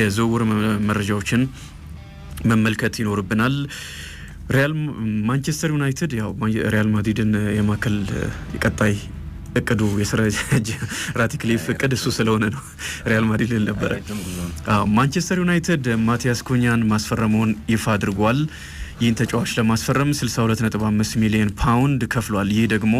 የዝውውር መረጃዎችን መመልከት ይኖርብናል። ሪያል ማንቸስተር ዩናይትድ ያው ሪያል ማድሪድን የማከል ቀጣይ እቅዱ የስራ ራቲክሊፍ እቅድ እሱ ስለሆነ ነው። ሪያል ማድሪድ ልል ነበረ። ማንቸስተር ዩናይትድ ማቲያስ ኩኛን ማስፈረመውን ይፋ አድርጓል። ይህን ተጫዋች ለማስፈረም 625 ሚሊዮን ፓውንድ ከፍሏል። ይህ ደግሞ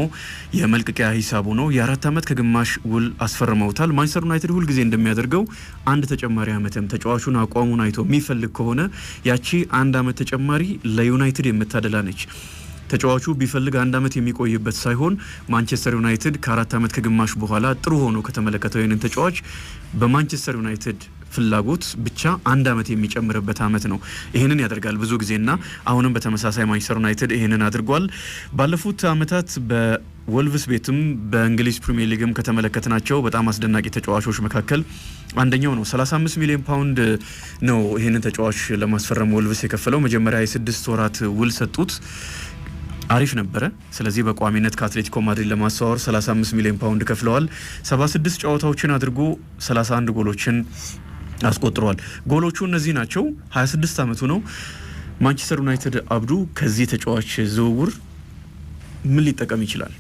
የመልቀቂያ ሂሳቡ ነው። የአራት ዓመት ከግማሽ ውል አስፈርመውታል። ማንቸስተር ዩናይትድ ሁልጊዜ እንደሚያደርገው አንድ ተጨማሪ ዓመትም ተጫዋቹን አቋሙን አይቶ የሚፈልግ ከሆነ ያቺ አንድ ዓመት ተጨማሪ ለዩናይትድ የምታደላ ነች። ተጫዋቹ ቢፈልግ አንድ ዓመት የሚቆይበት ሳይሆን ማንቸስተር ዩናይትድ ከአራት ዓመት ከግማሽ በኋላ ጥሩ ሆኖ ከተመለከተው ይህንን ተጫዋች በማንቸስተር ዩናይትድ ፍላጎት ብቻ አንድ አመት የሚጨምርበት አመት ነው። ይህንን ያደርጋል ብዙ ጊዜና አሁንም በተመሳሳይ ማንቸስተር ዩናይትድ ይህንን አድርጓል። ባለፉት አመታት ወልቭስ ቤትም በእንግሊዝ ፕሪሚየር ሊግም ከተመለከትናቸው በጣም አስደናቂ ተጫዋቾች መካከል አንደኛው ነው። 35 ሚሊዮን ፓውንድ ነው ይህንን ተጫዋች ለማስፈረም ወልቭስ የከፈለው። መጀመሪያ የስድስት ወራት ውል ሰጡት። አሪፍ ነበረ። ስለዚህ በቋሚነት ከአትሌቲኮ ማድሪድ ለማስተዋወር 35 ሚሊዮን ፓውንድ ከፍለዋል። 76 ጨዋታዎችን አድርጎ 31 ጎሎችን አስቆጥረዋል። ጎሎቹ እነዚህ ናቸው። 26 ዓመቱ ነው። ማንቸስተር ዩናይትድ አብዱ ከዚህ ተጫዋች ዝውውር ምን ሊጠቀም ይችላል?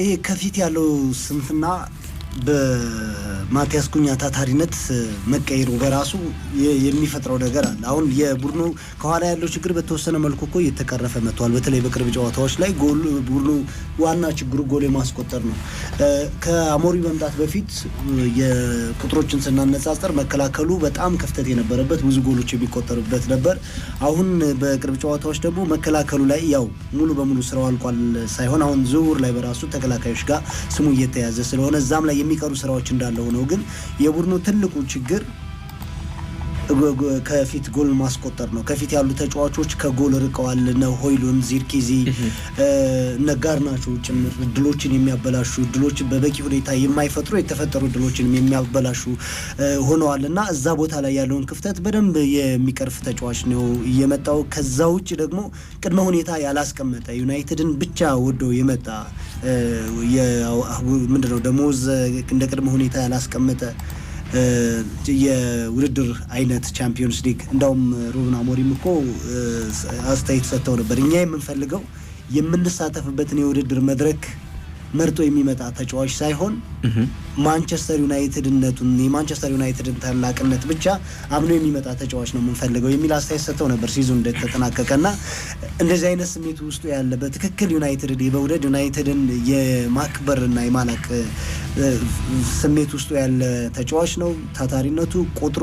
ይሄ ከፊት ያለው ስንፍና በማቲያስ ኩኛ ታታሪነት መቀየሩ በራሱ የሚፈጥረው ነገር አለ። አሁን የቡድኑ ከኋላ ያለው ችግር በተወሰነ መልኩ እኮ እየተቀረፈ መጥቷል። በተለይ በቅርብ ጨዋታዎች ላይ ቡድኑ ዋና ችግሩ ጎል የማስቆጠር ነው። ከአሞሪ መምጣት በፊት የቁጥሮችን ስናነጻጸር መከላከሉ በጣም ክፍተት የነበረበት ብዙ ጎሎች የሚቆጠሩበት ነበር። አሁን በቅርብ ጨዋታዎች ደግሞ መከላከሉ ላይ ያው ሙሉ በሙሉ ስራው አልቋል ሳይሆን አሁን ዝውውር ላይ በራሱ ተከላካዮች ጋር ስሙ እየተያዘ ስለሆነ እዛም ላይ የሚቀሩ ስራዎች እንዳለ ሆነው ግን የቡድኑ ትልቁ ችግር ከፊት ጎል ማስቆጠር ነው። ከፊት ያሉ ተጫዋቾች ከጎል ርቀዋል። ነው ሆይሉን ዚርኪዚ፣ ነጋር ናቸው ጭምር እድሎችን የሚያበላሹ እድሎችን በበቂ ሁኔታ የማይፈጥሩ የተፈጠሩ እድሎችን የሚያበላሹ ሆነዋል እና እዛ ቦታ ላይ ያለውን ክፍተት በደንብ የሚቀርፍ ተጫዋች ነው የመጣው። ከዛ ውጭ ደግሞ ቅድመ ሁኔታ ያላስቀመጠ ዩናይትድን ብቻ ወዶ የመጣ ምንድነው ደሞዝ እንደ ቅድመ ሁኔታ ያላስቀመጠ የውድድር አይነት ቻምፒዮንስ ሊግ እንዳውም ሩበን አሞሪም እኮ አስተያየት ሰጥተው ነበር። እኛ የምንፈልገው የምንሳተፍበትን የውድድር መድረክ መርጦ የሚመጣ ተጫዋች ሳይሆን ማንቸስተር ዩናይትድነቱን የማንቸስተር ዩናይትድን ታላቅነት ብቻ አምኖ የሚመጣ ተጫዋች ነው የምንፈልገው የሚል አስተያየት ሰጥተው ነበር ሲዙ እንደተጠናቀቀ እና እንደዚህ አይነት ስሜት ውስጡ ያለ በትክክል ዩናይትድን የመውደድ ዩናይትድን የማክበርና የማላቅ ስሜት ውስጡ ያለ ተጫዋች ነው። ታታሪነቱ፣ ቁጥሩ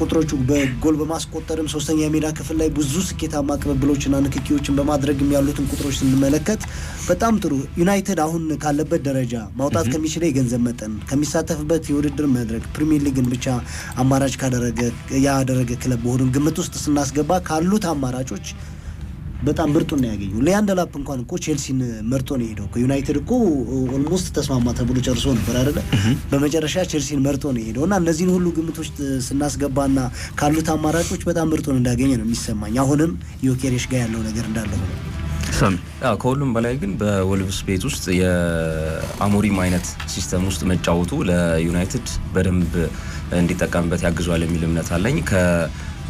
ቁጥሮቹ በጎል በማስቆጠርም ሶስተኛ የሜዳ ክፍል ላይ ብዙ ስኬታማ ቅብብሎችና ንክኪዎችን በማድረግም ያሉትን ቁጥሮች ስንመለከት በጣም ጥሩ ዩናይትድ አሁን ካለበት ደረጃ ማውጣት ከሚችለው የገንዘብ መጠን ከሚሳተፍበት የውድድር መድረክ ፕሪሚየር ሊግን ብቻ አማራጭ ያደረገ ክለብ መሆኑን ግምት ውስጥ ስናስገባ ካሉት አማራጮች በጣም ምርጡ ነው ያገኘው። ሊያንድ ላፕ እንኳን እኮ ቼልሲን መርጦ ነው የሄደው። ከዩናይትድ እኮ ኦልሞስት ተስማማ ተብሎ ጨርሶ ነበር አይደለ? በመጨረሻ ቼልሲን መርጦ ነው የሄደው እና እነዚህን ሁሉ ግምቶች ስናስገባና ካሉት አማራጮች በጣም ምርጡን እንዳገኘ ነው የሚሰማኝ። አሁንም ዮኬሬሽ ጋር ያለው ነገር እንዳለ ሆነ ከሁሉም በላይ ግን በወልቭስ ቤት ውስጥ የአሞሪም አይነት ሲስተም ውስጥ መጫወቱ ለዩናይትድ በደንብ እንዲጠቀምበት ያግዟል የሚል እምነት አለኝ።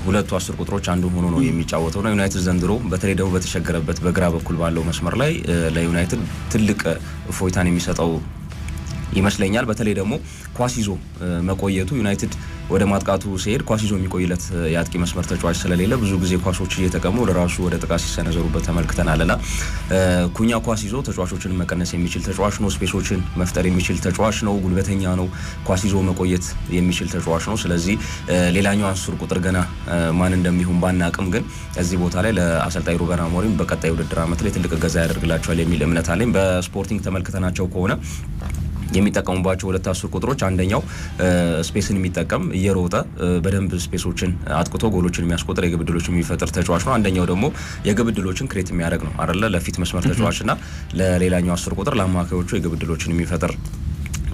ሁለቱ አስር ቁጥሮች አንዱ ሆኖ ነው የሚጫወተው ነው። ዩናይትድ ዘንድሮ በተለይ ደግሞ በተቸገረበት በግራ በኩል ባለው መስመር ላይ ለዩናይትድ ትልቅ እፎይታን የሚሰጠው ይመስለኛል። በተለይ ደግሞ ኳስ ይዞ መቆየቱ ዩናይትድ ወደ ማጥቃቱ ሲሄድ ኳስ ይዞ የሚቆይለት የአጥቂ መስመር ተጫዋች ስለሌለ ብዙ ጊዜ ኳሶች እየተቀሙ ለራሱ ወደ ጥቃት ሲሰነዘሩበት ተመልክተናል። ና ኩኛ ኳስ ይዞ ተጫዋቾችን መቀነስ የሚችል ተጫዋች ነው። ስፔሶችን መፍጠር የሚችል ተጫዋች ነው። ጉልበተኛ ነው። ኳስ ይዞ መቆየት የሚችል ተጫዋች ነው። ስለዚህ ሌላኛው አስር ቁጥር ገና ማን እንደሚሆን ባናቅም፣ ግን እዚህ ቦታ ላይ ለአሰልጣኝ ሩበን አሞሪም በቀጣይ ውድድር አመት ላይ ትልቅ እገዛ ያደርግላቸዋል የሚል እምነት አለኝ። በስፖርቲንግ ተመልክተናቸው ከሆነ የሚጠቀሙባቸው ሁለት አስር ቁጥሮች አንደኛው ስፔስን የሚጠቀም እየሮጠ በደንብ ስፔሶችን አጥቅቶ ጎሎችን የሚያስቆጥር የግብ የሚፈጥር ተጫዋች ነው። አንደኛው ደግሞ የግብ ዕድሎችን ክሬት የሚያደርግ ነው አለ ለፊት መስመር ተጫዋችና ለሌላኛው አስር ቁጥር ለአማካዮቹ የግብ የሚፈጥር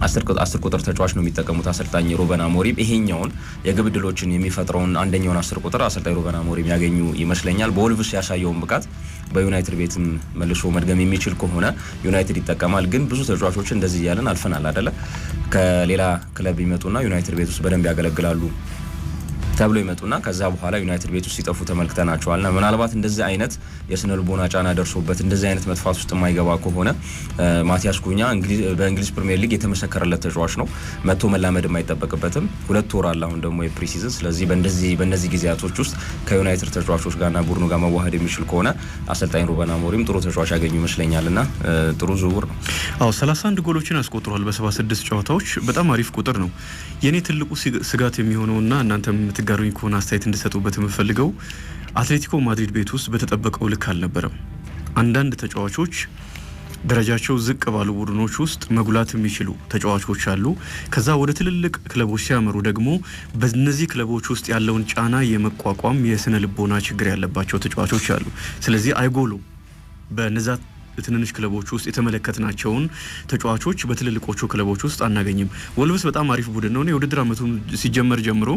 አስር ቁጥር ተጫዋች ነው የሚጠቀሙት አሰልጣኝ ሩበን አሞሪም። ይሄኛውን የግብ ድሎችን የሚፈጥረውን አንደኛውን አስር ቁጥር አሰልጣኝ ሩበን አሞሪም ያገኙ ይመስለኛል። በወልቭስ ያሳየውን ብቃት በዩናይትድ ቤትም መልሶ መድገም የሚችል ከሆነ ዩናይትድ ይጠቀማል። ግን ብዙ ተጫዋቾች እንደዚህ እያለን አልፈናል አደለ? ከሌላ ክለብ ይመጡና ዩናይትድ ቤት ውስጥ በደንብ ያገለግላሉ። ተብሎ ይመጡና ከዛ በኋላ ዩናይትድ ቤት ውስጥ ሲጠፉ ተመልክተናቸዋል። ና ምናልባት እንደዚህ አይነት የስነ ልቦና ጫና ደርሶበት እንደዚህ አይነት መጥፋት ውስጥ የማይገባ ከሆነ ማቲያስ ኩኛ በእንግሊዝ ፕሪሚየር ሊግ የተመሰከረለት ተጫዋች ነው። መጥቶ መላመድ የማይጠበቅበትም ሁለት ወር አለ አሁን ደግሞ የፕሪሲዝን። ስለዚህ በእነዚህ ጊዜያቶች ውስጥ ከዩናይትድ ተጫዋቾች ጋርና ቡድኑ ጋር መዋሃድ የሚችል ከሆነ አሰልጣኝ ሩበን አሞሪም ጥሩ ተጫዋች ያገኙ ይመስለኛል። ና ጥሩ ዝውውር ነው። አዎ 31 ጎሎችን አስቆጥሯል በ76 ጨዋታዎች በጣም አሪፍ ቁጥር ነው። የእኔ ትልቁ ስጋት የሚሆነውና እናንተ የምታጋሩኝ ከሆነ አስተያየት እንድሰጡበት የምፈልገው አትሌቲኮ ማድሪድ ቤት ውስጥ በተጠበቀው ልክ አልነበረም። አንዳንድ ተጫዋቾች ደረጃቸው ዝቅ ባሉ ቡድኖች ውስጥ መጉላት የሚችሉ ተጫዋቾች አሉ። ከዛ ወደ ትልልቅ ክለቦች ሲያመሩ ደግሞ በነዚህ ክለቦች ውስጥ ያለውን ጫና የመቋቋም የስነ ልቦና ችግር ያለባቸው ተጫዋቾች አሉ። ስለዚህ አይጎሉ በነዛ በትንንሽ ክለቦች ውስጥ የተመለከትናቸውን ተጫዋቾች በትልልቆቹ ክለቦች ውስጥ አናገኝም። ወልቭስ በጣም አሪፍ ቡድን ነው። የውድድር አመቱን ሲጀመር ጀምሮ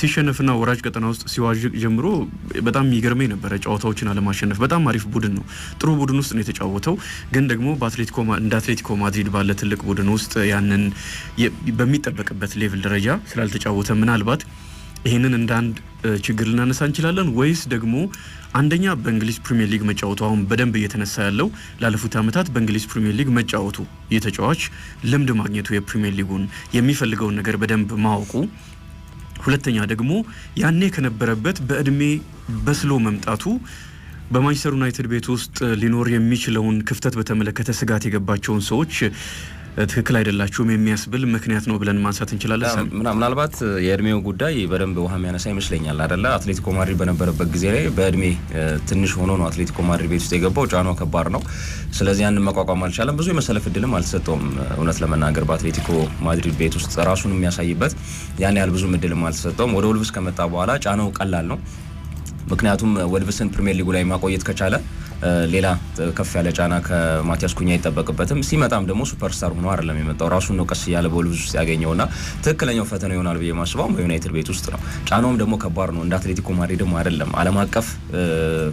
ሲሸነፍና ወራጅ ቀጠና ውስጥ ሲዋዥቅ ጀምሮ በጣም የሚገርመኝ ነበረ። ጨዋታዎችን አለማሸነፍ በጣም አሪፍ ቡድን ነው። ጥሩ ቡድን ውስጥ ነው የተጫወተው። ግን ደግሞ እንደ አትሌቲኮ ማድሪድ ባለ ትልቅ ቡድን ውስጥ ያንን በሚጠበቅበት ሌቭል ደረጃ ስላልተጫወተ ምናልባት ይህንን እንደ አንድ ችግር ልናነሳ እንችላለን ወይስ ደግሞ አንደኛ በእንግሊዝ ፕሪሚየር ሊግ መጫወቱ አሁን በደንብ እየተነሳ ያለው ላለፉት ዓመታት በእንግሊዝ ፕሪሚየር ሊግ መጫወቱ የተጫዋች ልምድ ማግኘቱ የፕሪሚየር ሊጉን የሚፈልገውን ነገር በደንብ ማወቁ ሁለተኛ ደግሞ ያኔ ከነበረበት በእድሜ በስሎ መምጣቱ በማንቸስተር ዩናይትድ ቤት ውስጥ ሊኖር የሚችለውን ክፍተት በተመለከተ ስጋት የገባቸውን ሰዎች ትክክል አይደላችሁም የሚያስብል ምክንያት ነው ብለን ማንሳት እንችላለን። ምናልባት የእድሜው ጉዳይ በደንብ ውሃ የሚያነሳ ይመስለኛል አደለ። አትሌቲኮ ማድሪድ በነበረበት ጊዜ ላይ በእድሜ ትንሽ ሆኖ ነው አትሌቲኮ ማድሪድ ቤት ውስጥ የገባው። ጫናው ከባድ ነው። ስለዚህ ያንን መቋቋም አልቻለም። ብዙ የመሰለፍ እድልም አልተሰጠውም። እውነት ለመናገር በአትሌቲኮ ማድሪድ ቤት ውስጥ ራሱን የሚያሳይበት ያን ያህል ብዙም እድልም አልተሰጠውም። ወደ ውልብስ ከመጣ በኋላ ጫናው ቀላል ነው። ምክንያቱም ወልብስን ፕሪሚየር ሊጉ ላይ ማቆየት ከቻለ ሌላ ከፍ ያለ ጫና ከማቲያስ ኩኛ አይጠበቅበትም። ሲመጣም ደግሞ ሱፐርስታር ሆኖ አይደለም የመጣው ራሱ ነው ቀስ እያለ በወልቭዝ ውስጥ ያገኘውና ትክክለኛው ፈተና ይሆናል ብዬ ማስበው በዩናይትድ ቤት ውስጥ ነው። ጫናውም ደግሞ ከባድ ነው። እንደ አትሌቲኮ ማድሪድም አይደለም ዓለም አቀፍ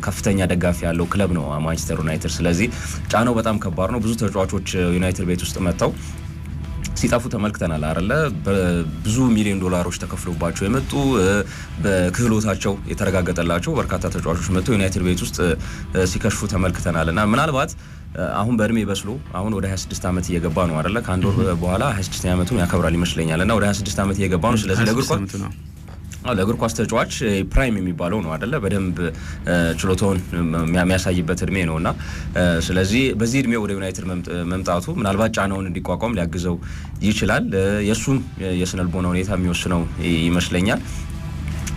ከፍተኛ ደጋፊ ያለው ክለብ ነው ማንቸስተር ዩናይትድ። ስለዚህ ጫናው በጣም ከባድ ነው። ብዙ ተጫዋቾች ዩናይትድ ቤት ውስጥ መጥተው ሲጠፉ ተመልክተናል አለ ብዙ ሚሊዮን ዶላሮች ተከፍሎባቸው የመጡ በክህሎታቸው የተረጋገጠላቸው በርካታ ተጫዋቾች መጥቶ ዩናይትድ ቤት ውስጥ ሲከሽፉ ተመልክተናል እና ምናልባት አሁን በእድሜ በስሎ አሁን ወደ 26 ዓመት እየገባ ነው አለ ከአንድ ወር በኋላ 26 ዓመቱን ያከብራል ይመስለኛል እና ወደ 26 ዓመት እየገባ ነው ስለዚህ ለእግር ኳስ ለእግር ኳስ ተጫዋች ፕራይም የሚባለው ነው አደለ? በደንብ ችሎታውን የሚያሳይበት እድሜ ነው እና ስለዚህ በዚህ እድሜ ወደ ዩናይትድ መምጣቱ ምናልባት ጫናውን እንዲቋቋም ሊያግዘው ይችላል። የእሱም የስነልቦና ሁኔታ የሚወስነው ይመስለኛል።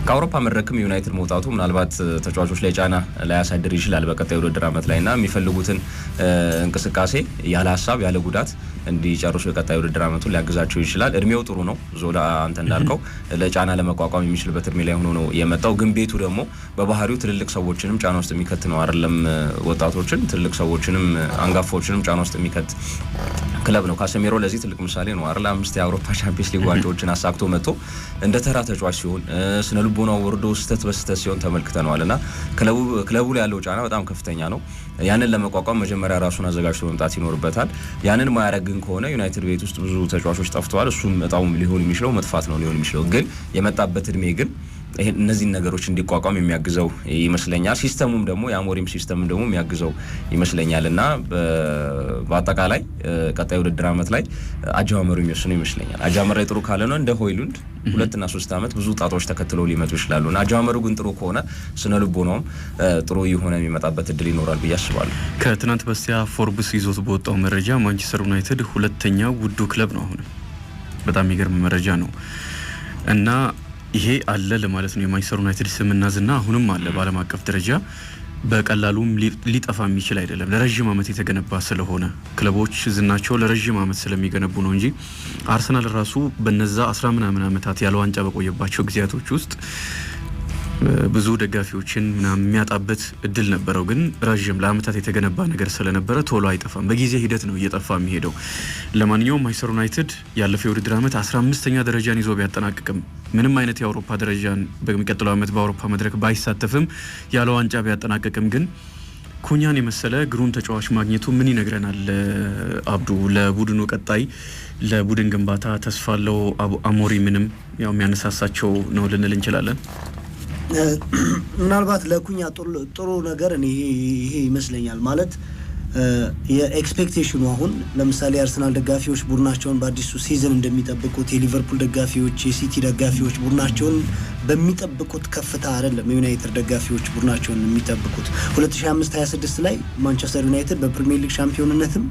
ከአውሮፓ መድረክም ዩናይትድ መውጣቱ ምናልባት ተጫዋቾች ላይ ጫና ላያሳድር ይችላል በቀጣይ ውድድር አመት ላይ እና የሚፈልጉትን እንቅስቃሴ ያለ ሀሳብ ያለ ጉዳት እንዲጨርሱ የቀጣይ ውድድር አመቱ ሊያግዛቸው ይችላል። እድሜው ጥሩ ነው። ዞላ አንተ እንዳልከው ለጫና ለመቋቋም የሚችልበት እድሜ ላይ ሆኖ ነው የመጣው። ግን ቤቱ ደግሞ በባህሪው ትልልቅ ሰዎችንም ጫና ውስጥ የሚከት ነው አይደለም፣ ወጣቶችን፣ ትልልቅ ሰዎችንም አንጋፋዎችንም ጫና ውስጥ የሚከት ክለብ ነው። ካሰሜሮ ለዚህ ትልቅ ምሳሌ ነው አይደል? አምስት የአውሮፓ ቻምፒየንስ ሊግ ዋንጫዎችን አሳክቶ መጥቶ እንደ ተራ ተጫዋች ሲሆን ስነ ልቦናው ወርዶ ስህተት በስህተት ሲሆን ተመልክተነዋል። እና ክለቡ ላይ ያለው ጫና በጣም ከፍተኛ ነው። ያንን ለመቋቋም መጀመሪያ ራሱን አዘጋጅቶ መምጣት ይኖርበታል። ያንን ማያደረግን ከሆነ ዩናይትድ ቤት ውስጥ ብዙ ተጫዋቾች ጠፍተዋል። እሱም እጣውም ሊሆን የሚችለው መጥፋት ነው ሊሆን የሚችለው ግን የመጣበት እድሜ ግን እነዚህን ነገሮች እንዲቋቋም የሚያግዘው ይመስለኛል። ሲስተሙም ደግሞ የአሞሪም ሲስተም ደግሞ የሚያግዘው ይመስለኛል እና በአጠቃላይ ቀጣይ ውድድር ዓመት ላይ አጀማመሩ የሚወስኑ ይመስለኛል። አጀማመሩ ላይ ጥሩ ካልሆነ እንደ ሆይሉንድ ሁለትና ሶስት ዓመት ብዙ ጣጣዎች ተከትለው ሊመጡ ይችላሉ እና አጀማመሩ ግን ጥሩ ከሆነ ስነ ልቦናውም ጥሩ የሆነ የሚመጣበት እድል ይኖራል ብዬ አስባለሁ። ከትናንት በስቲያ ፎርብስ ይዞት በወጣው መረጃ ማንቸስተር ዩናይትድ ሁለተኛ ውዱ ክለብ ነው። አሁንም በጣም የሚገርም መረጃ ነው እና ይሄ አለ ለማለት ነው። የማንቸስተር ዩናይትድ ስምና ዝና አሁንም አለ በዓለም አቀፍ ደረጃ በቀላሉም ሊጠፋ የሚችል አይደለም። ለረዥም ዓመት የተገነባ ስለሆነ ክለቦች ዝናቸው ለረዥም ዓመት ስለሚገነቡ ነው እንጂ አርሰናል ራሱ በነዛ አስራ ምናምን ዓመታት ያለ ዋንጫ በቆየባቸው ጊዜያቶች ውስጥ ብዙ ደጋፊዎችን ምናምን የሚያጣበት እድል ነበረው። ግን ረዥም ለአመታት የተገነባ ነገር ስለነበረ ቶሎ አይጠፋም። በጊዜ ሂደት ነው እየጠፋ የሚሄደው። ለማንኛውም ማንቸስተር ዩናይትድ ያለፈው የውድድር አመት 15ኛ ደረጃን ይዞ ቢያጠናቅቅም ምንም አይነት የአውሮፓ ደረጃን በሚቀጥለው አመት በአውሮፓ መድረክ ባይሳተፍም ያለ ዋንጫ ቢያጠናቅቅም ግን ኩኛን የመሰለ ግሩም ተጫዋች ማግኘቱ ምን ይነግረናል? አብዱ ለቡድኑ ቀጣይ ለቡድን ግንባታ ተስፋ አለው አሞሪ ምንም ያው የሚያነሳሳቸው ነው ልንል እንችላለን። ምናልባት ለኩኛ ጥሩ ነገር ይሄ ይመስለኛል ማለት የኤክስፔክቴሽኑ አሁን ለምሳሌ የአርሰናል ደጋፊዎች ቡድናቸውን በአዲሱ ሲዝን እንደሚጠብቁት የሊቨርፑል ደጋፊዎች፣ የሲቲ ደጋፊዎች ቡድናቸውን በሚጠብቁት ከፍታ አይደለም የዩናይትድ ደጋፊዎች ቡድናቸውን የሚጠብቁት። 2025/26 ላይ ማንቸስተር ዩናይትድ በፕሪሚየር ሊግ ሻምፒዮንነትም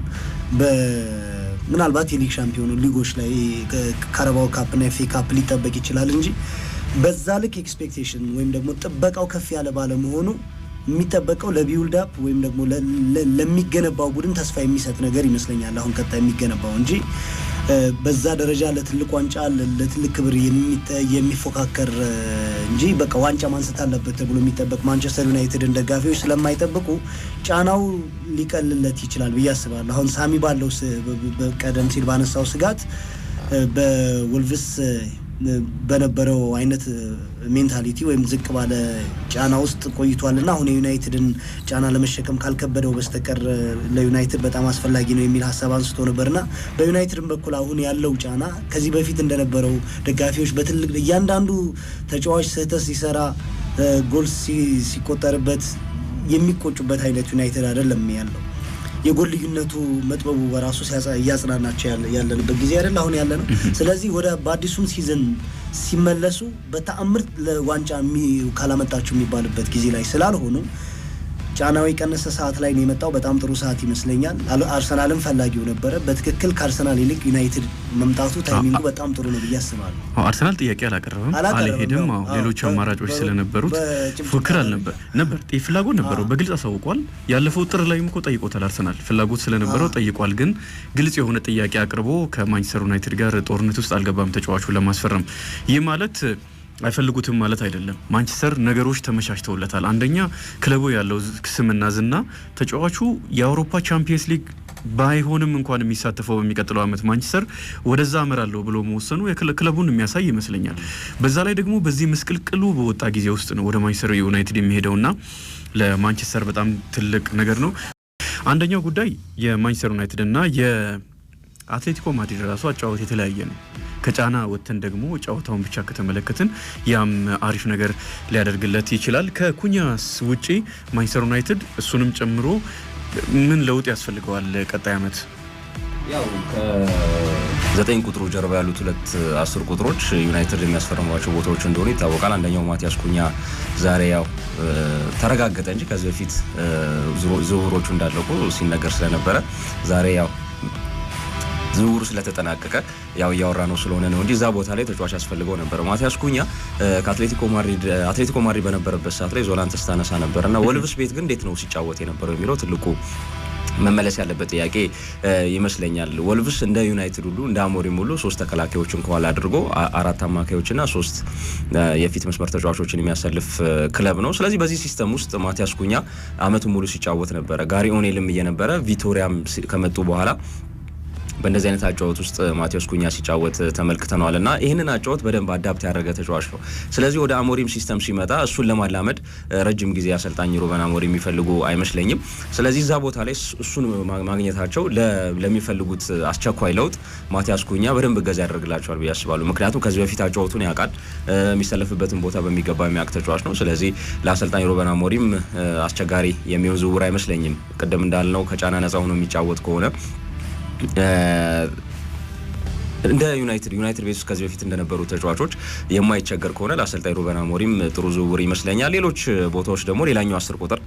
ምናልባት የሊግ ሻምፒዮኑ ሊጎች ላይ ከረባው ካፕ ና ኤ ካፕ ሊጠበቅ ይችላል እንጂ በዛ ልክ ኤክስፔክቴሽን ወይም ደግሞ ጥበቃው ከፍ ያለ ባለመሆኑ የሚጠበቀው ለቢውልድ አፕ ወይም ደግሞ ለሚገነባው ቡድን ተስፋ የሚሰጥ ነገር ይመስለኛል። አሁን ቀጣይ የሚገነባው እንጂ በዛ ደረጃ ለትልቅ ዋንጫ ለትልቅ ክብር የሚፎካከር እንጂ በቃ ዋንጫ ማንሳት አለበት ተብሎ የሚጠበቅ ማንቸስተር ዩናይትድን ደጋፊዎች ስለማይጠብቁ ጫናው ሊቀልለት ይችላል ብዬ አስባለሁ። አሁን ሳሚ ባለው ቀደም ሲል ባነሳው ስጋት በወልቭስ በነበረው አይነት ሜንታሊቲ ወይም ዝቅ ባለ ጫና ውስጥ ቆይቷል እና አሁን የዩናይትድን ጫና ለመሸከም ካልከበደው በስተቀር ለዩናይትድ በጣም አስፈላጊ ነው የሚል ሀሳብ አንስቶ ነበርና በዩናይትድን በኩል አሁን ያለው ጫና ከዚህ በፊት እንደነበረው ደጋፊዎች በትልቅ እያንዳንዱ ተጫዋች ስህተት ሲሰራ ጎል ሲቆጠርበት የሚቆጩበት አይነት ዩናይትድ አይደለም ያለው። የጎል ልዩነቱ መጥበቡ በራሱ እያጽናናቸው ያለንበት ጊዜ አይደል አሁን ያለ ነው። ስለዚህ ወደ በአዲሱም ሲዝን ሲመለሱ በተአምር ለዋንጫ ካላመጣቸው የሚባልበት ጊዜ ላይ ስላልሆኑ ጫናው የቀነሰ ሰዓት ላይ ነው የመጣው። በጣም ጥሩ ሰዓት ይመስለኛል። አርሰናልም ፈላጊው ነበረ። በትክክል ከአርሰናል ይልቅ ዩናይትድ መምጣቱ ታይሚንጉ በጣም ጥሩ ነው ብዬ አስባለሁ። አርሰናል ጥያቄ አላቀረበም፣ አልሄድም። ሌሎች አማራጮች ስለነበሩት ፉክክር አልነበር ነበር ፍላጎት ነበረው፣ በግልጽ አሳውቋል። ያለፈው ጥር ላይም እኮ ጠይቆታል። አርሰናል ፍላጎት ስለነበረው ጠይቋል። ግን ግልጽ የሆነ ጥያቄ አቅርቦ ከማንቸስተር ዩናይትድ ጋር ጦርነት ውስጥ አልገባም ተጫዋቹ ለማስፈረም ይህ ማለት አይፈልጉትም ማለት አይደለም። ማንቸስተር ነገሮች ተመቻችተውለታል። አንደኛ ክለቡ ያለው ስምና ዝና፣ ተጫዋቹ የአውሮፓ ቻምፒየንስ ሊግ ባይሆንም እንኳን የሚሳተፈው በሚቀጥለው ዓመት ማንቸስተር ወደዛ አመራለሁ ብሎ መወሰኑ ክለቡን የሚያሳይ ይመስለኛል። በዛ ላይ ደግሞ በዚህ ምስቅልቅሉ በወጣ ጊዜ ውስጥ ነው ወደ ማንቸስተር ዩናይትድ የሚሄደውና ለማንቸስተር በጣም ትልቅ ነገር ነው። አንደኛው ጉዳይ የማንቸስተር ዩናይትድ እና አትሌቲኮ ማድሪድ ራሱ አጫወት የተለያየ ነው። ከጫና ወጥተን ደግሞ ጨዋታውን ብቻ ከተመለከትን ያም አሪፍ ነገር ሊያደርግለት ይችላል። ከኩኛስ ውጪ ማንችስተር ዩናይትድ እሱንም ጨምሮ ምን ለውጥ ያስፈልገዋል ቀጣይ ዓመት? ያው ከዘጠኝ ቁጥሩ ጀርባ ያሉት ሁለት አስር ቁጥሮች ዩናይትድ የሚያስፈርሟቸው ቦታዎች እንደሆኑ ይታወቃል። አንደኛው ማቲያስ ኩኛ ዛሬ ያው ተረጋገጠ እንጂ ከዚህ በፊት ዝውውሮቹ እንዳለቁ ሲነገር ስለነበረ ዛሬ ያው ዝውውሩ ስለተጠናቀቀ ያው እያወራ ነው ስለሆነ ነው እንጂ እዛ ቦታ ላይ ተጫዋች ያስፈልገው ነበር። ማቲያስ ኩኛ ከአትሌቲኮ ማድሪድ አትሌቲኮ ማድሪድ በነበረበት ሰዓት ላይ ዞላን ተስታነሳ ነበር እና ወልቭስ ቤት ግን እንዴት ነው ሲጫወት የነበረው የሚለው ትልቁ መመለስ ያለበት ጥያቄ ይመስለኛል። ወልቭስ እንደ ዩናይትድ ሁሉ እንደ አሞሪም ሁሉ ሶስት ተከላካዮችን ከኋላ አድርጎ አራት አማካዮችና ሶስት የፊት መስመር ተጫዋቾችን የሚያሰልፍ ክለብ ነው። ስለዚህ በዚህ ሲስተም ውስጥ ማቲያስ ኩኛ አመቱን ሙሉ ሲጫወት ነበረ። ጋሪ ኦኔልም እየነበረ ቪቶሪያም ከመጡ በኋላ በእንደዚህ አይነት አጫወት ውስጥ ማቴዎስ ኩኛ ሲጫወት ተመልክተነዋል እና ይህንን አጫወት በደንብ አዳፕት ያደረገ ተጫዋች ነው። ስለዚህ ወደ አሞሪም ሲስተም ሲመጣ እሱን ለማላመድ ረጅም ጊዜ አሰልጣኝ ሩበን አሞሪም የሚፈልጉ አይመስለኝም። ስለዚህ እዛ ቦታ ላይ እሱን ማግኘታቸው ለሚፈልጉት አስቸኳይ ለውጥ ማቲያስ ኩኛ በደንብ እገዛ ያደርግላቸዋል ብዬ አስባሉ ምክንያቱም ከዚህ በፊት አጫወቱን ያውቃል፣ የሚሰለፍበትን ቦታ በሚገባ የሚያውቅ ተጫዋች ነው። ስለዚህ ለአሰልጣኝ ሩበን አሞሪም አስቸጋሪ የሚሆን ዝውውር አይመስለኝም። ቅድም እንዳልነው ከጫና ነጻ ሆኖ የሚጫወት ከሆነ እንደ ዩናይትድ ዩናይትድ ቤት ውስጥ ከዚህ በፊት እንደነበሩ ተጫዋቾች የማይቸገር ከሆነ ለአሰልጣኝ ሩበን አሞሪም ጥሩ ዝውውር ይመስለኛል። ሌሎች ቦታዎች ደግሞ ሌላኛው አስር ቁጥር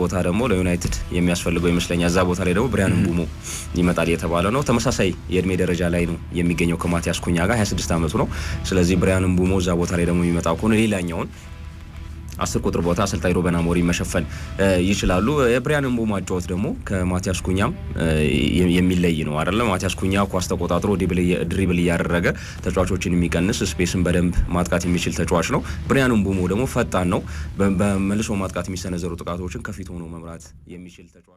ቦታ ደግሞ ለዩናይትድ የሚያስፈልገው ይመስለኛል። እዛ ቦታ ላይ ደግሞ ብሪያን ምቡሞ ይመጣል የተባለ ነው። ተመሳሳይ የእድሜ ደረጃ ላይ ነው የሚገኘው ከማቲያስ ኩኛ ጋር 26 ዓመቱ ነው። ስለዚህ ብሪያን ምቡሞ እዛ ቦታ ላይ ደግሞ የሚመጣ ከሆነ ሌላኛውን አስር ቁጥር ቦታ አሰልጣኝ ሩበን አሞሪም መሸፈን ይችላሉ። የብሪያን ምቡሞ ማጫወት ደግሞ ከማቲያስ ኩኛም የሚለይ ነው አይደለም። ማቲያስ ኩኛ ኳስ ተቆጣጥሮ ድሪብል እያደረገ ተጫዋቾችን የሚቀንስ ስፔስን በደንብ ማጥቃት የሚችል ተጫዋች ነው። ብሪያን ምቡሞ ደግሞ ፈጣን ነው። በመልሶ ማጥቃት የሚሰነዘሩ ጥቃቶችን ከፊት ሆኖ መምራት የሚችል ተጫዋች